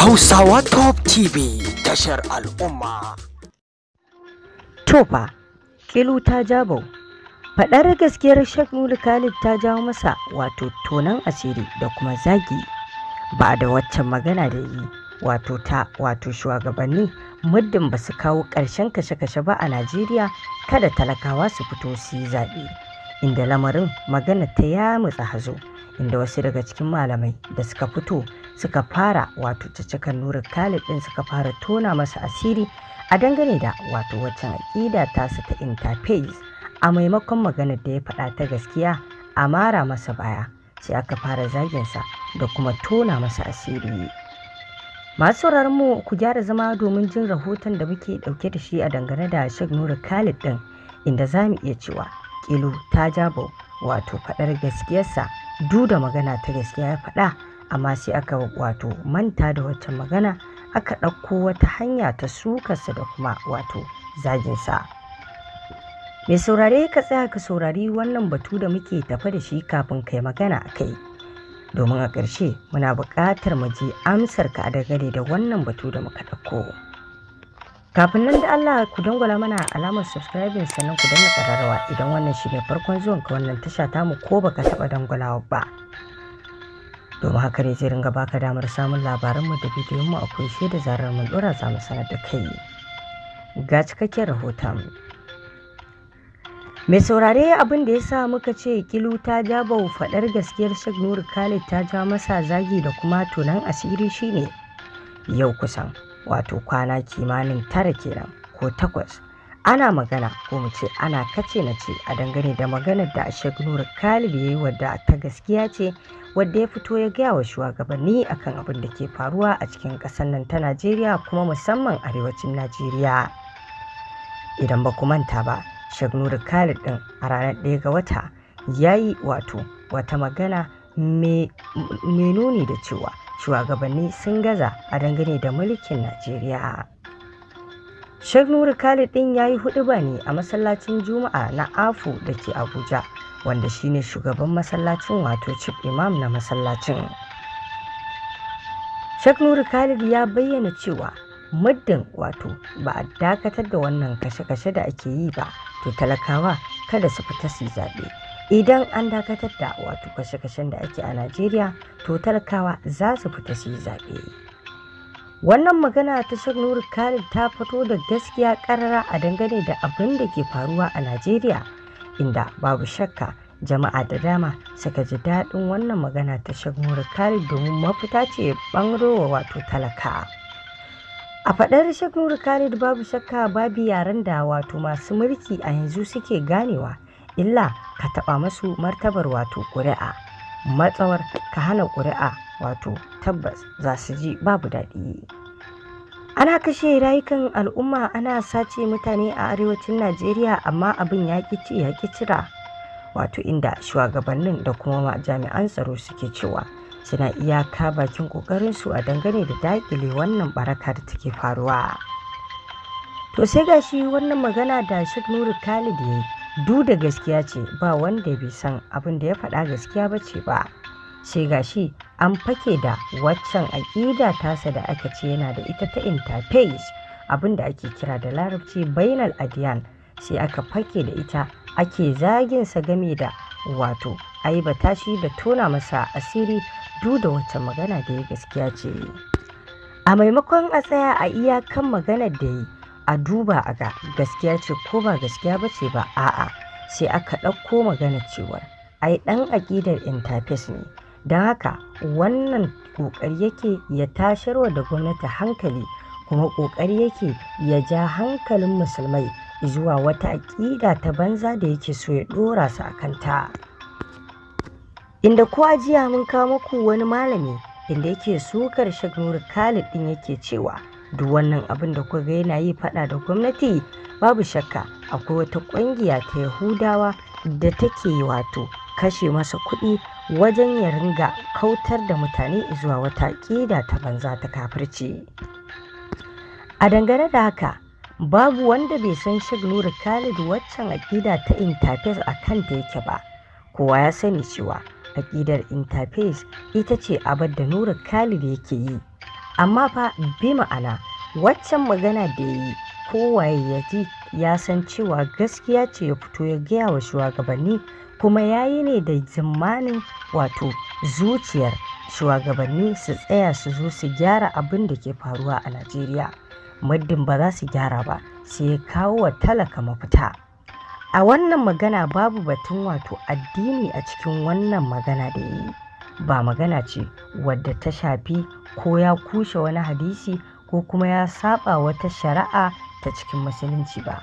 Hausawa Top TV tashar al'umma. Tofa, Kilu ta jabo. Faɗar gaskiyar Sheikh Nuri Khalid ta jawo masa wato tonan asiri da kuma zagi ba da waccan magana da yi wato ta wato shugabanni muddin ba su kawo ƙarshen kashe-kashe ba a Najeriya kada talakawa su fito su yi zaɓe. Inda lamarin magana ta ya mutsa hazo inda wasu daga cikin malamai da suka fito suka fara wato cicikar nurin Khalid din suka fara tona masa asiri a dangane da wato waccan aƙida tasu ta interface a maimakon maganar da ya faɗa ta gaskiya a mara masa baya sai aka fara zaginsa da kuma tona masa asiri masu mu ku gyara zama domin jin rahoton da muke ɗauke da shi a dangane da shek Nura Khalid ɗin inda za mu iya cewa kilo ta jabo wato faɗar gaskiyarsa du da magana ta gaskiya ya faɗa amma sai aka wato manta da wata magana aka ɗauko wata hanya ta sukarsa da kuma wato zaginsa mai saurare ka tsaya ka saurari wannan batu da muke tafa da shi kafin kai magana a kai domin a ƙarshe muna buƙatar mu je amsar ka a dagare da wannan batu da muka ɗauko kafin nan da Allah ku dangwala mana alamar subscribing sannan ku danna ƙararrawa idan wannan shi ne farkon zuwan ka wannan tasha tamu ko baka taɓa dangwalawa ba domin haka ne zai ringa baka damar samun labaran mu da bidiyonmu a kunshe da zarar mun dora za mu sanar da kai ga cikakken rahoton mai saurare abin da ya sa muka ce kilu ta ja bau faɗar gaskiyar shek nuru khalid ta ja masa zagi da kuma tunan asiri shine yau kusan wato kwana kimanin tara kenan ko takwas ana magana ko mu ce ana kace na ce a dangane da maganar da shek nuru khalid ya yi wadda ta gaskiya ce wadda ya fito ya gaya wa shugabanni akan abin da ke faruwa a cikin ƙasar nan ta najeriya kuma musamman arewacin najeriya idan ba ku manta ba shagnuri khalid din a ranar ɗaya ga wata ya yi wato wata magana mai nuni da cewa shugabanni sun gaza a dangane da mulkin najeriya Sheikh Nuru Khalid din yayi huɗuba ne a masallacin Juma'a na Afu da ke Abuja wanda shine shugaban masallacin wato chief imam na masallacin. Sheikh Nuru Khalid ya bayyana cewa muddin wato ba a dakatar da wannan kashe-kashe da ake yi ba to talakawa kada su fita su zaɓe. Idan an dakatar da wato kashe-kashen da ake a Najeriya to talakawa za su fita su yi zaɓe. wannan magana ta nuru khalid ta fito da gaskiya karara a dangane da abin da ke faruwa a najeriya inda babu shakka jama'a da dama suka ji daɗin wannan magana ta nuru khalid domin mafita ce bangarowa wato talaka a faɗar nuru khalid babu shakka babu yaren da wato masu mulki a yanzu suke ganewa illa ka taɓa masu martabar wato ƙuri'a matsawar ka hana ƙuri'a wato tabbas za su ji babu daɗi ana kashe rayukan al'umma ana sace mutane a arewacin najeriya amma abin ya ci ya cira wato inda shugabannin da kuma jami'an tsaro suke cewa suna iyaka bakin ƙoƙarinsu a dangane da daƙile wannan baraka da take faruwa to sai gashi wannan magana da Sheikh nuru khalid ya du da gaskiya ce ba wanda bai san abin da ya faɗa gaskiya ba ce ba sai shi an fake da waccan aƙida tasa da aka ce yana da ita ta interface abin da ake kira da larabci bainal adiyan sai aka fake da ita ake zaginsa game da wato aiba tashi da tona masa asiri duk da wata magana da ya gaskiya ce a maimakon a tsaya a iyakan maganar da yi a duba a ga gaskiya ce ko ba gaskiya ba ce ba a'a sai aka ɗauko magana cewa ai ɗan aƙidar interface ne Don haka wannan ƙoƙari yake ya tasharwa da gwamnati hankali kuma ƙoƙari yake ya ja hankalin musulmai zuwa wata aƙida ta banza da yake so ya ɗora su a kanta. Inda kowa jiya mun kawo muku wani malami inda yake sukar Sheikh Nur Khalid ɗin yake cewa duk wannan abin da kuka yana yi faɗa da gwamnati babu shakka akwai wata ƙungiya ta Yahudawa da take wato kashe masa kuɗi wajen ya ringa kautar da mutane zuwa wata ƙida ta banza ta kafirci. A dangane da haka, babu wanda bai san Sheikh Nuru Khalid waccan aƙida ta interface a kanta yake ba. Kowa ya sani cewa aƙidar interface ita ce abar da Nuru Khalid yake yi. Amma fa bi ma'ana waccan magana da ya yi kowaye ya ji ya san cewa gaskiya ce ya fito ya gaya wa shugabanni kuma ya yi ne da jimmanin wato zuciyar shugabanni su tsaya su zo su gyara abin da ke faruwa a Najeriya. Muddin ba za su gyara ba sai ya kawo wa talaka mafita. A wannan magana babu batun wato addini a cikin wannan magana da ya yi. Ba magana ce wadda ta shafi ko ya kushe wani hadisi ko kuma ya saba wata shari'a ta cikin musulunci ba.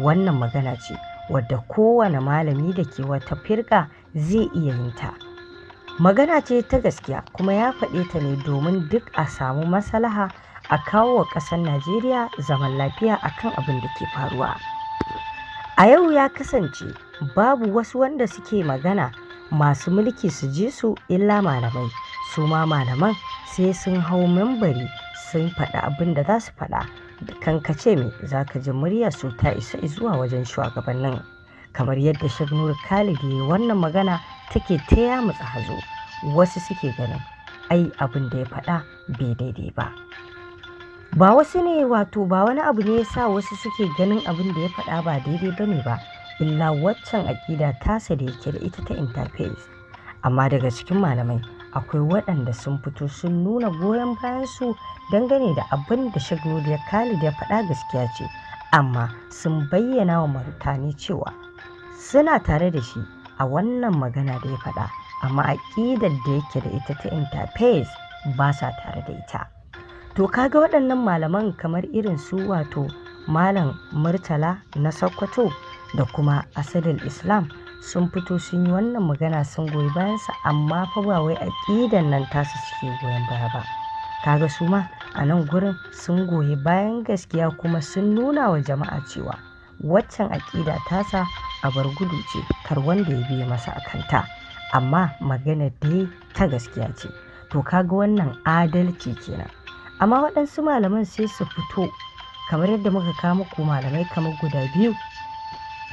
Wannan magana ce. wadda kowane malami da ke wata firƙa zai iya yin ta. Magana ce ta gaskiya kuma ya faɗe ta ne domin duk a samu maslaha a kawo wa ƙasar Najeriya zaman lafiya a kan abin da ke faruwa. A yau ya kasance babu wasu wanda suke magana masu mulki su ji su illa malamai, su ma malaman sai sun hau membari sun faɗa abin da za su faɗa. kankace me za ka ji murya su ta isa zuwa wajen shugabannin kamar yadda shagnur khalidi wannan magana take ta mutsa hazo wasu suke ganin ai abin da ya faɗa bai daidai ba ba wasu ne wato ba wani abu ne ya sa wasu suke ganin abin da ya faɗa ba daidai ba ne ba illa waccan aƙida tasa da yake da ita ta interface amma daga cikin malamai akwai waɗanda sun fito sun nuna goyon bayansu dangane da abin da shagnodiyar khalid ya faɗa gaskiya ce amma sun bayyana wa mutane cewa suna tare da shi a wannan magana da ya faɗa amma aƙidar da yake da ita ta interface ba sa tare da ita to kaga waɗannan malaman kamar irin su wato malam murtala na sokoto da kuma asalin islam sun fito sun yi wannan magana sun goyi bayansa amma fa ba wai aƙidan nan tasu suke goyon baya ba kaga su ma a nan gurin sun goyi bayan gaskiya kuma sun nuna wa jama'a cewa waccan aƙida tasa a bar gudu ce kar wanda ya biye masa a kanta amma magana dai ta gaskiya ce to kaga wannan adalci kenan amma waɗansu malaman sai su fito kamar yadda muka kama ku malamai kamar guda biyu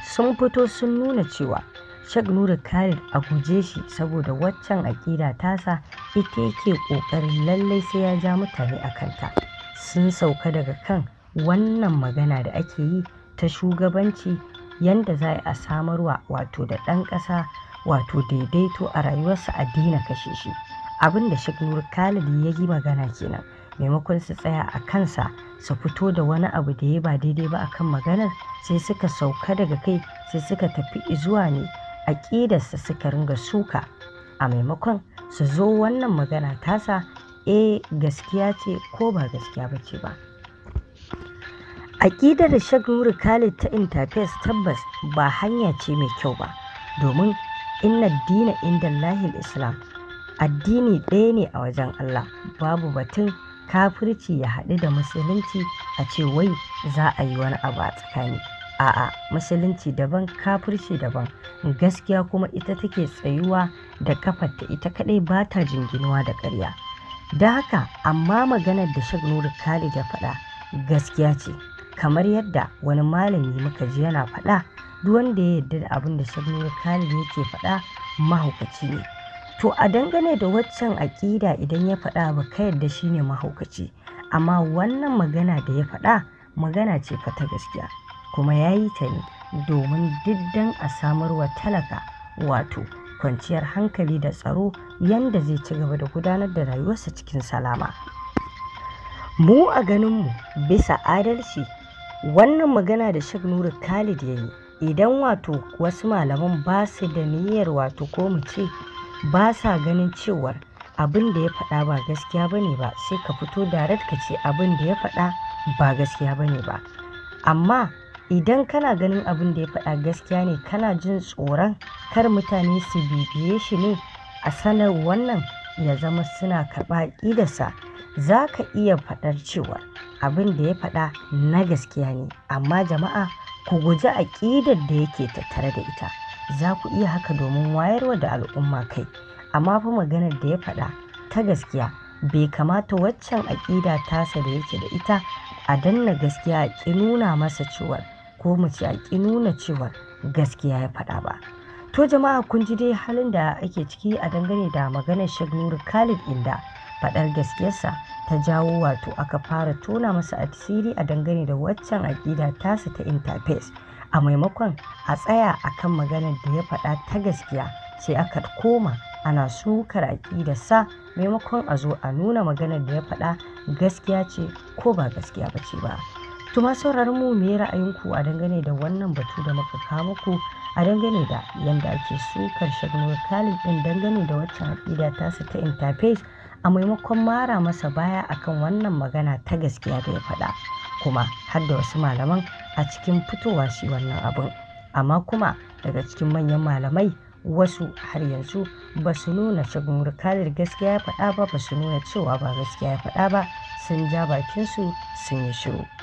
sun fito sun nuna cewa Sheikh Nura Khalid a guje shi saboda waccan aƙida tasa ita yake ƙoƙarin lallai sai ya ja mutane a kanta. Sun sauka daga kan wannan magana da ake yi ta shugabanci yanda za a samarwa wato da ɗan ƙasa wato daidaito a rayuwarsa a daina kashe shi. Abin da Sheikh Khalid ya yi magana kenan. maimakon su tsaya a kansa su fito da wani abu da ya ba daidai ba akan maganar sai suka sauka daga kai sai suka tafi izuwa ne a su suka ringa suka a maimakon su zo wannan magana tasa e gaskiya ce ko ba gaskiya ba ce ba aƙidar da shagnuri khalid ta interface tabbas ba hanya ce mai kyau ba domin inna dina inda lahil islam addini ɗaya ne a wajen allah babu batun kafirci ya haɗu da musulunci a ce wai za a yi wani abu a tsakani a'a musulunci daban kafirci daban gaskiya kuma ita take tsayuwa da kafarta ita kadai ba ta jinginuwa da ƙarya da haka amma maganar da shek nuru khalid ya faɗa gaskiya ce kamar yadda wani malami muka ji yana faɗa duk wanda ya yarda da abin da shek nuru khalid yake faɗa mahaukaci ne to a dangane da waccan aƙida idan ya faɗa ba ka yarda shine mahaukaci amma wannan magana da ya faɗa magana ce fa ta gaskiya kuma ya yi ta ne domin diddan a samar wa talaka wato kwanciyar hankali da tsaro yadda zai ci gaba da gudanar da rayuwarsa cikin salama mu a ganinmu bisa adalci wannan magana da shek nuru khalid ya yi idan wato wasu malaman ba su da niyyar wato ko mu ce ba sa ganin cewar abin da ya faɗa ba gaskiya ba ne ba sai ka fito da ce abin da ya faɗa ba gaskiya ba ne ba amma idan kana ganin abin da ya faɗa gaskiya ne kana jin tsoron kar mutane su bibiye shi ne a sanar wannan ya zama suna karɓa ƙidarsa za ka iya faɗar cewa abin da ya faɗa na gaskiya ne amma jama'a ku guji aƙidar da yake tattare da ita za ku iya haka domin wayarwa da al'umma kai amma fa maganar da ya faɗa ta gaskiya bai kamata waccan aƙida tasa da yake da ita a danna gaskiya ki nuna masa cewar ko mu ce a ƙi nuna cewa gaskiya ya faɗa ba to jama'a kun ji dai halin da ake ciki a dangane da maganar shek khalid inda faɗar gaskiyarsa ta jawo wato aka fara tona masa asiri a dangane da waccan aƙida tasa ta interface a maimakon a tsaya a kan maganar da ya faɗa ta gaskiya sai aka koma ana sukar sa maimakon a zo a nuna maganar da ya faɗa gaskiya ce ko ba gaskiya ba ce ba Tuma sauraron mu me ra'ayinku a dangane da wannan batu da muka kawo muku a dangane da yanda ake sukar Shagnur kalin din dangane da waccan aƙida su ta interface a maimakon mara masa baya akan wannan magana ta gaskiya da ya faɗa kuma har da wasu malaman a cikin fitowa shi wannan abin amma kuma daga cikin manyan malamai wasu har yanzu ba su nuna shagunar Khalid gaskiya ya faɗa ba ba su nuna cewa ba gaskiya ya faɗa ba sun ja bakinsu sun yi shiru.